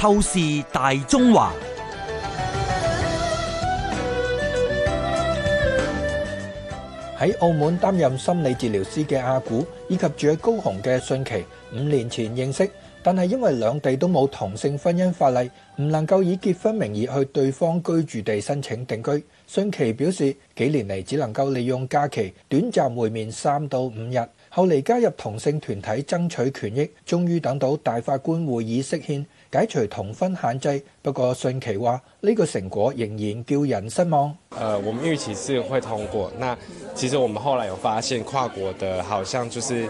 透視大中華。喺澳門擔任心理治療師嘅阿古，以及住喺高雄嘅信琪，五年前認識，但係因為兩地都冇同性婚姻法例，唔能夠以結婚名義去對方居住地申請定居。信琪表示，幾年嚟只能夠利用假期短暫會面三到五日。後嚟加入同性團體爭取權益，終於等到大法官會議釋憲。解除同婚限制，不過順其話呢，這個成果仍然叫人失望。誒、呃，我們預期是會通過。那其實我們後來有發現，跨國的好像就是。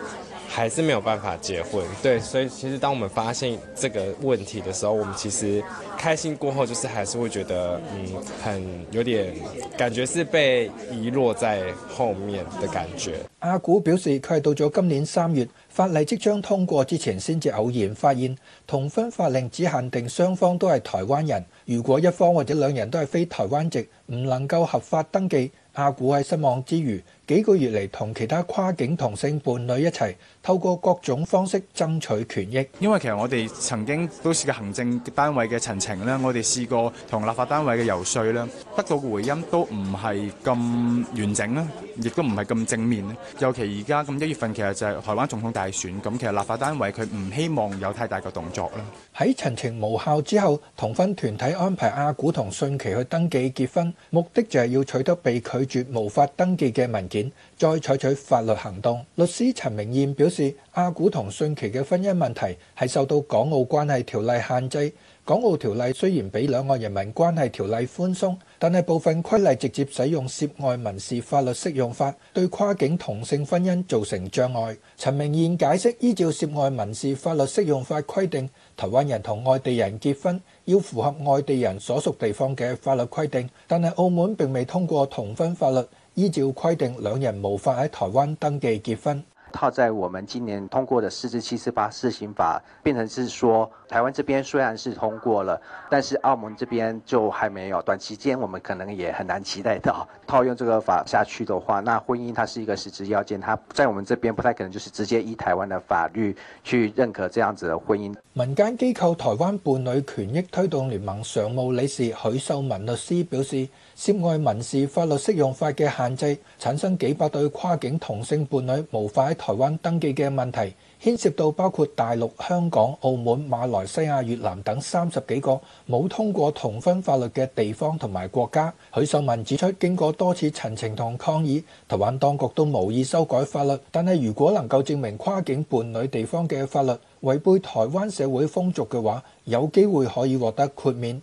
還是沒有辦法結婚，對，所以其實當我們發現這個問題的時候，我們其實開心過後，就是還是會覺得，嗯，很有點感覺是被遺落在後面的感覺。阿古表示，佢係到咗今年三月法例即將通過之前，先至偶然發現同婚法令只限定雙方都係台灣人，如果一方或者兩人都係非台灣籍，唔能夠合法登記。阿古喺失望之餘。幾個月嚟，同其他跨境同性伴侶一齊，透過各種方式爭取權益。因為其實我哋曾經都試過行政單位嘅陳情啦，我哋試過同立法單位嘅遊說啦，得到嘅回音都唔係咁完整啦，亦都唔係咁正面。尤其而家咁一月份，其實就係台灣總統大選，咁其實立法單位佢唔希望有太大嘅動作啦。喺陳情無效之後，同婚團體安排阿古同信琪去登記結婚，目的就係要取得被拒絕無法登記嘅文件。再採取法律行動。律師陳明燕表示，阿古同信琪嘅婚姻問題係受到港澳關係條例限制。港澳條例雖然比兩岸人民關係條例寬鬆，但係部分規例直接使用涉外民事法律適用法，對跨境同性婚姻造成障礙。陳明燕解釋，依照涉外民事法律適用法規定，台灣人同外地人結婚要符合外地人所屬地方嘅法律規定，但係澳門並未通過同婚法律。依照規定，兩人無法喺台灣登記結婚。套在我們今年通過的《四至七四八施行法》，變成是說台灣這邊雖然是通過了，但是澳門這邊就還沒有。短期間我們可能也很難期待到套用這個法下去的話，那婚姻它是一個實質要件，它在我們這邊不太可能就是直接依台灣的法律去認可這樣子的婚姻。民間機構台灣伴侶權益推動聯盟常務理事許秀文律師表示：涉外民事法律適用法嘅限制，產生幾百對跨境同性伴侶無法。台灣登記嘅問題牽涉到包括大陸、香港、澳門、馬來西亞、越南等三十幾個冇通過同婚法律嘅地方同埋國家。許秀文指出，經過多次陳情同抗議，台灣當局都無意修改法律。但係如果能夠證明跨境伴侶地方嘅法律違背台灣社會風俗嘅話，有機會可以獲得豁免。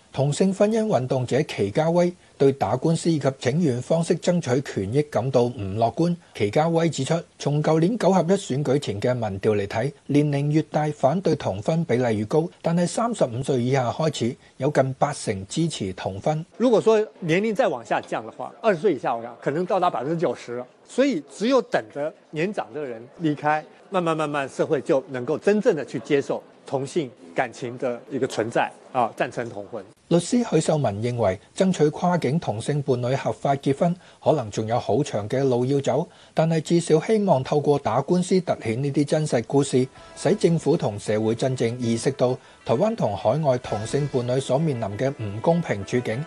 同性婚姻運動者祁家威對打官司以及請願方式爭取權益感到唔樂觀。祁家威指出，從舊年九合一選舉前嘅民調嚟睇，年齡越大反對同婚比例越高，但係三十五歲以下開始有近八成支持同婚。如果說年齡再往下降的話，二十歲以下，往下可能可能到達百分之九十。所以只有等着年長的人離開，慢慢慢慢社會就能夠真正的去接受。同性感情嘅一個存在，啊，贊成同婚。律師許秀文認為，爭取跨境同性伴侶合法結婚可能仲有好長嘅路要走，但係至少希望透過打官司凸顯呢啲真實故事，使政府同社會真正意識到台灣同海外同性伴侶所面臨嘅唔公平處境。